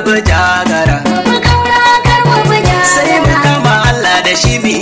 bi jagara. kuma kaura kar mu Sai mu kama Allah da shi mi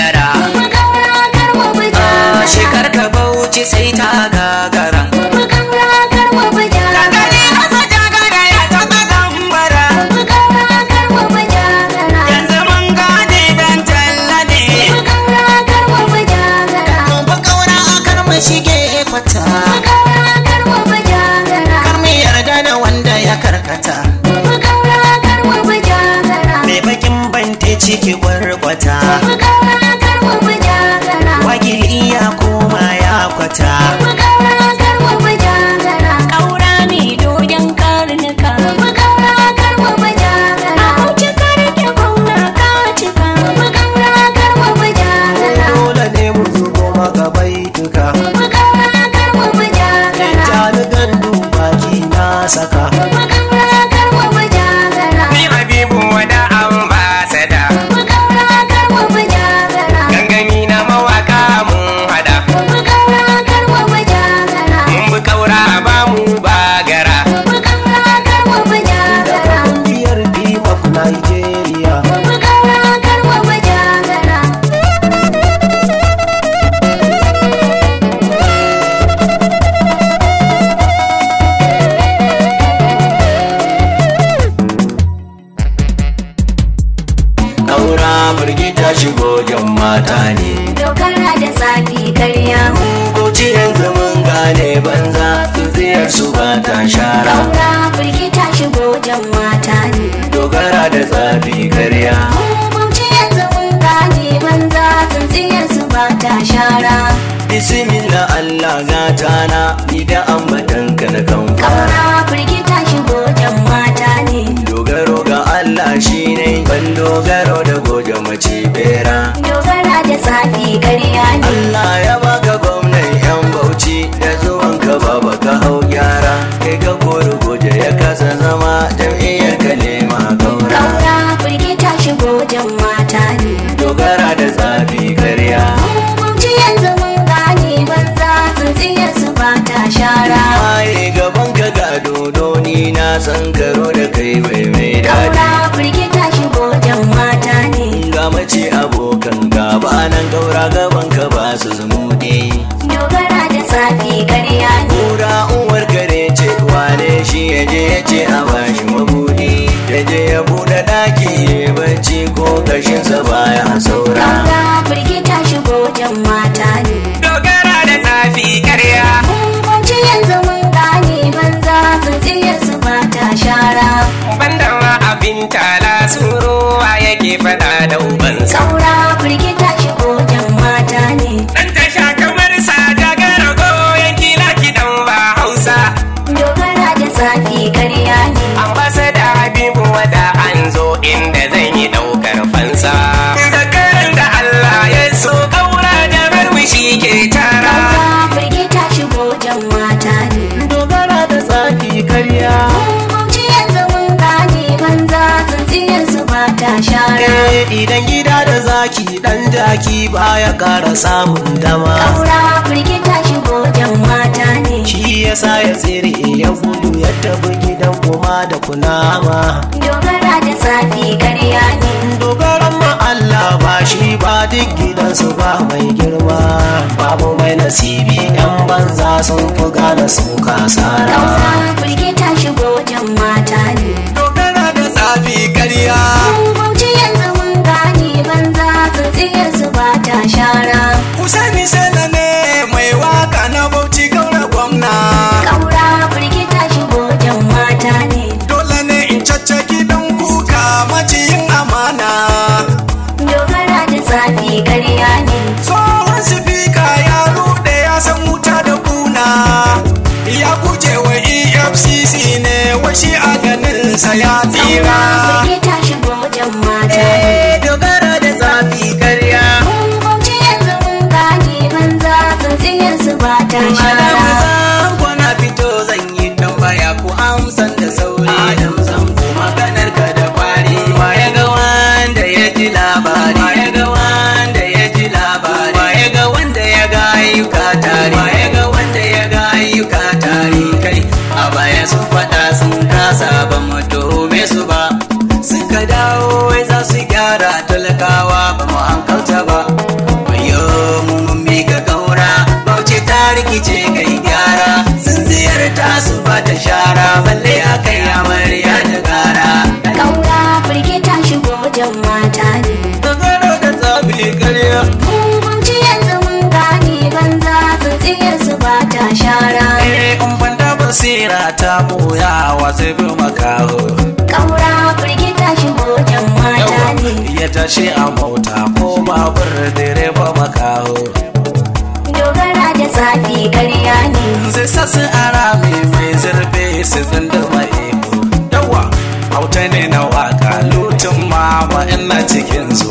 time. banza ziyar su ba ta shara Kauna birki ta shigo jan mata ne Dogara da zafi karya Hukunci yanzu mun gaji banza ziyar su ba ta shara Bismillah Allah gata na ni da ambatan ka na kan Kauna birki ta shigo jan mata ne Dogaro ga Allah shine ban dogaro da goje mace bera Dogara da zafi karya ne Allah ya san da kai mai mai daɗi ƙaura burge ta shigo mata ne ga mace abokan gaba nan gaura gaban ka ba su zumuɗi dogara da tsafi ya ne Gura uwar kare ce wane shi ya je ya ce a bashi mabuɗi ya je ya buɗe ɗaki bacci ko sa baya saura ƙaura burge ta shara eh, idan gida da zaki dan jaki baya kara samun dama kaura firgita shi gojan mata ne shi yasa ya tsere ya gudu ya tafi gidan kuma da kunama dogara da safi karya ne dogaran ma Allah ba shi ba duk gidansu ba mai girma babu mai nasibi yan banza sun fi gane su kasara kaura firgita shi gojan mata ne dogara da safi karya Usaini sana ne mai waƙa na bauchi kaura gwamna. Kaura birgita shigo jan mata ne. Dole ne in caccaki dan kuka maciyin amana. Dogara da tsafi karya ne. Tsohon sifika ya rude ya san wuta da kuna. Ya guje wa EFCC ne washi a ganinsa ya tsira. buya wasu bi makaho ƙaura firgita shi motan mata ne ya tashi a mota ko babur direba makaho dogara da tsafi karya ne zai sassu arami mai zurfe su tsinda mai yawa hauta ne na waka lutun ma wa'in na cikin zuwa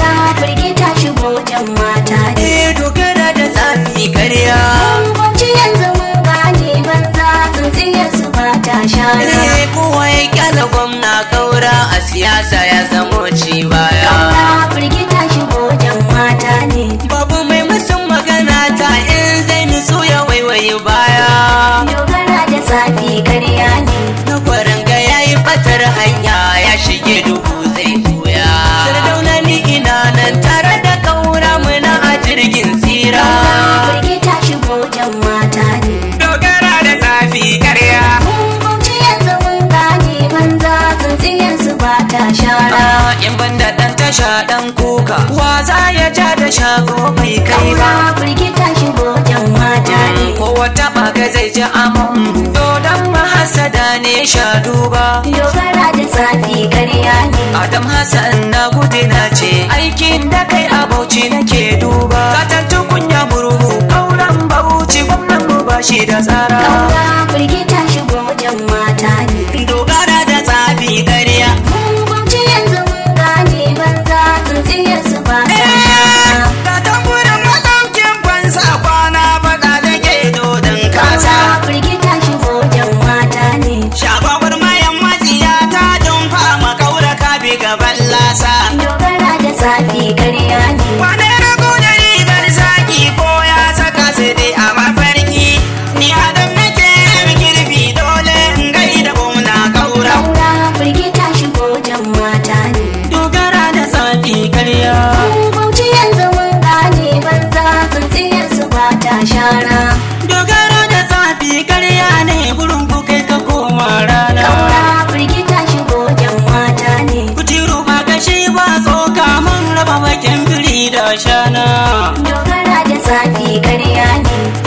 a siyasa ya zama ci baya kauna firgita shi gojan mata ne babu mai musun magana ta in zai nutsu ya waiwayi baya dogara da safi karya ne na kwaranga ga yayi batar hanya sha ɗan kuka wa za ya ja da shago bai kai ba firgita shi gojan mata ne ko wata baka zai ji amon dodon mahasada ne sha duba dogara da tsafi karya ne adam hassan na gudu na ce aikin da kai a bauchi nake duba katar kunya murhu kauran bauchi gwamnan mu ba shi da tsara kauna ta shi wajen mata ne dogara da tsafi karya safi gare shana dogara da tsafi karya ne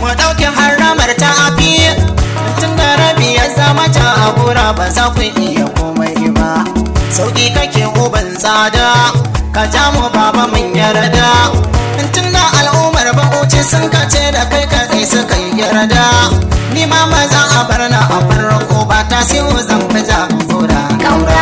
mu ɗauki haramar ta afi tun da rabi ya zama ta agura ba za ku iya komai ba sauki kake uban tsada ka ja mu baba mun yarda tun da al'ummar bauchi sun kace da kai kai suka yi yarda ni ma maza a barna a farko ba ta siyo zan fi jagora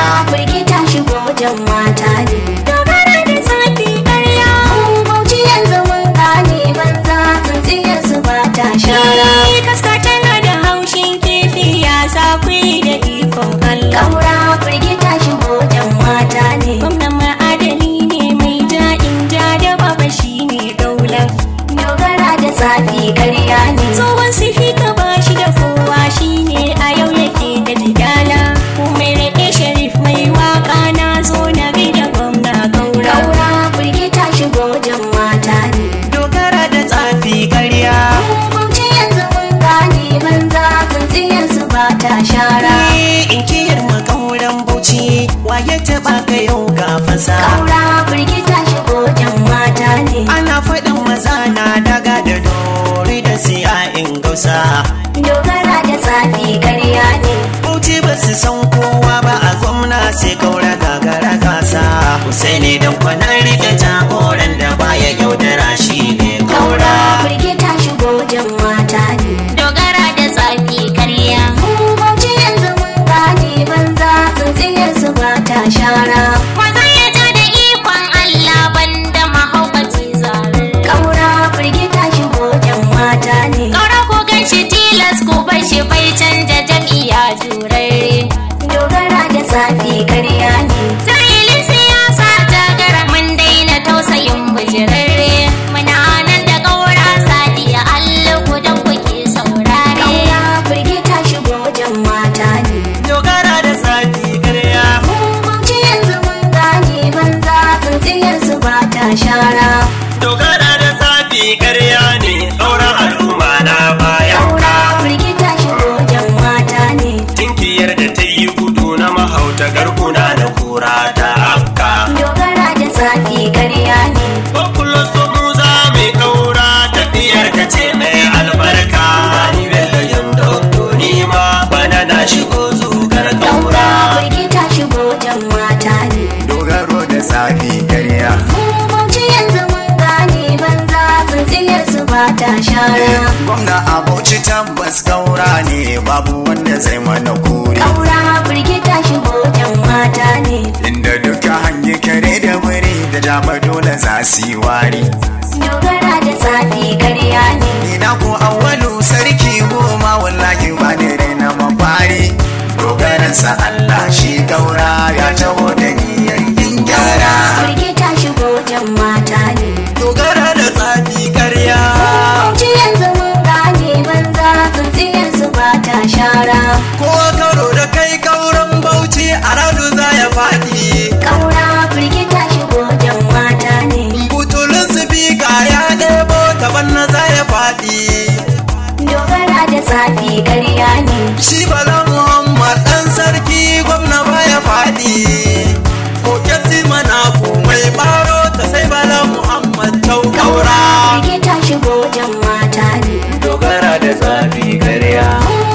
kansa kaura birgita shigo mata ne ana faɗin maza na daga da dori da siya in gausa dogara da tsafi karya ne bauchi ba su san kowa ba a gwamna sai kaura gagara kasa husaini dan kwanan rike jagoran da baya yaudara yi ƙarya nan sai mana kuri kaura firgita shi hoton mata ne inda duka hanyi kare da wuri da dama dole za su yi wari dogara da safi karya ne ina ko awwalu sarki goma wallahi ba dare na mafari dogaransa Allah shi bala muhammad dan sarki gwamna baya faɗi koke si mana komai baro ta sai bala muhammad tau daura ke ta shigo wajen mata ne dogara da zafi karya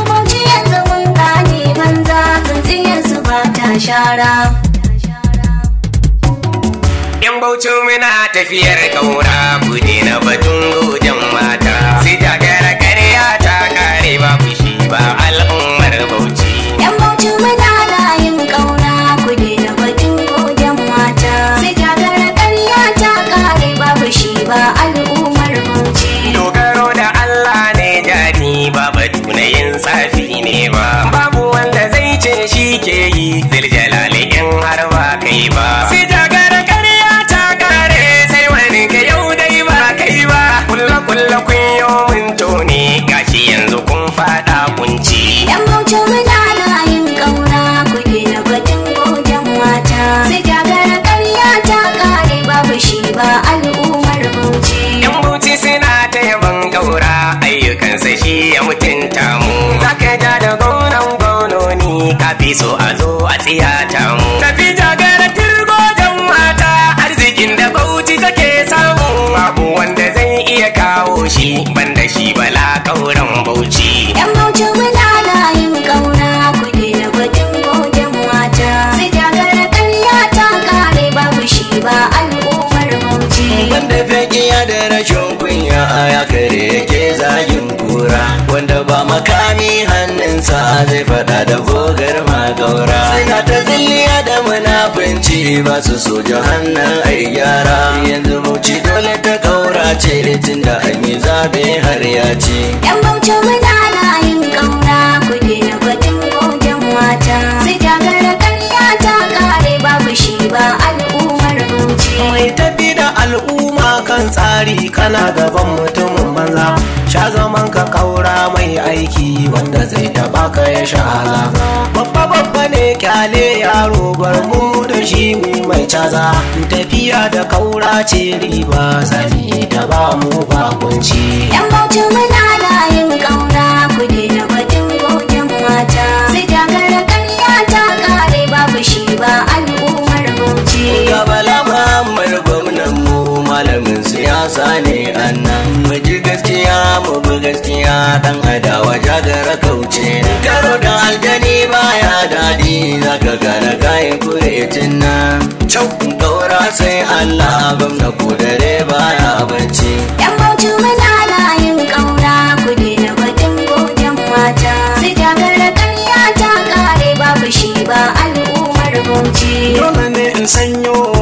bauchi yanzu mun gane banza tsintsiyar su ba ta shara yan Bauchi muna tafiyar kaura ku na batun gojen mata kaura ayyukansa shi ya mutunta mu zaka ja da gonon gononi fi so a zo a tsiyata mu zai fada da bogar magaura suna ta zilliya da munafunci ba su so johannan ai gyara yanzu bauchi dole ta kaura ce litin da an yi zabe har ya ce yan bauchi muna layin kaura ku na batun gogen mata sai jagara kanya ta kare babu shi ba al'ummar bauchi al'umma kan tsari kana gaban mutumin banza sha zaman ka kaura mai aiki wanda zai taba ka ya shahala babba babba ne kyale yaro bar mu da shi mai caza tafiya da kaura ce riba zani ta ba mu bakunci yan bauchi muna da yin ku bi gaskiya dan adawa jagara kauce karo da aljani baya daɗi zaka gara kayan kuretin nan cau daura sai Allah gwamna na dare baya bacci yan bauchi muna yin kaura ku na batun gogen mata su jagara kanya ta kare babu shi ba al'ummar bauchi dole ne in sanyo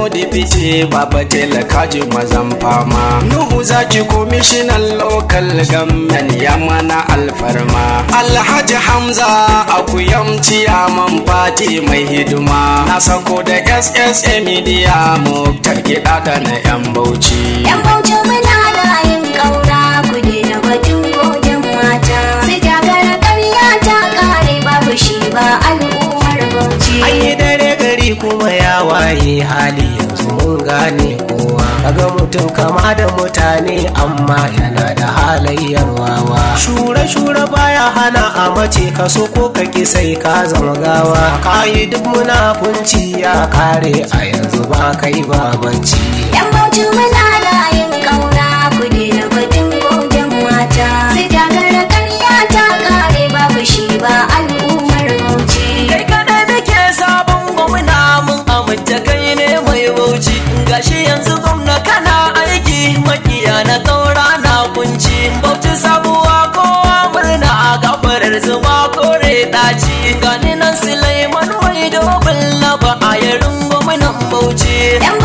ce baba tela kaji mazan fama nuhu zaki komishinan lokal gamman ya mana alfarma alhaji hamza a akuyam yaman fati mai hidima na sako da ssa media muktar kiɗa na yan bauchi yan bauchi muna da yin kaura ku da batun gogen mata su gagara ƙarya ta ƙare babu shi ba al'ummar bauchi an dare gari kuma ya waye hali sun gane kowa kaga mutum kama da mutane amma yana da halayyar wawa shura shura baya hana a mace ka so ko ka ki sai ka zama gawa ka yi duk munafunci ya kare a yanzu ba kai ba bacci yan ci sabuwa kowa murna a gafarar zuma kore daci gani nan silaiman wai dobin laba a yarin gwamnan bauchi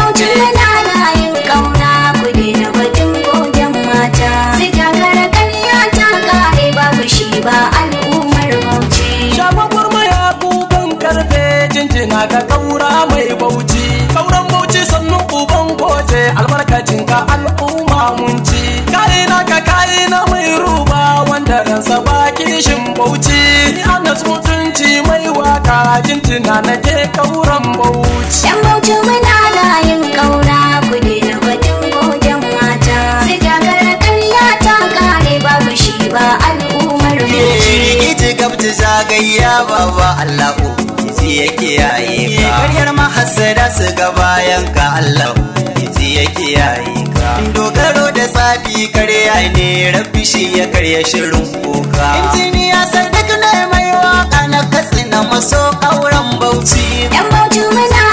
kaka jinjina na ke kauran bauchi yan bauchi muna layin kaura ku ne da batun gogen mata sai gagara karya ta kare babu shi ba al'ummar bauchi ita gabta zagayya baba allahu kizi ya kiyaye ka karyar mahasada su ga bayan ka Allah allahu kizi ya kiyaye ka dogaro da tsafi karya ne rabbi shi ya karya shirin koka na maso auren bauchi yan bauchi muna